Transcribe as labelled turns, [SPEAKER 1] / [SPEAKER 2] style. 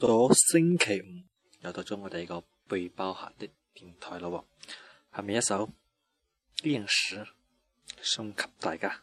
[SPEAKER 1] 到星期五又到咗我哋個背包客的電台咯，下面一首歷史送給大家。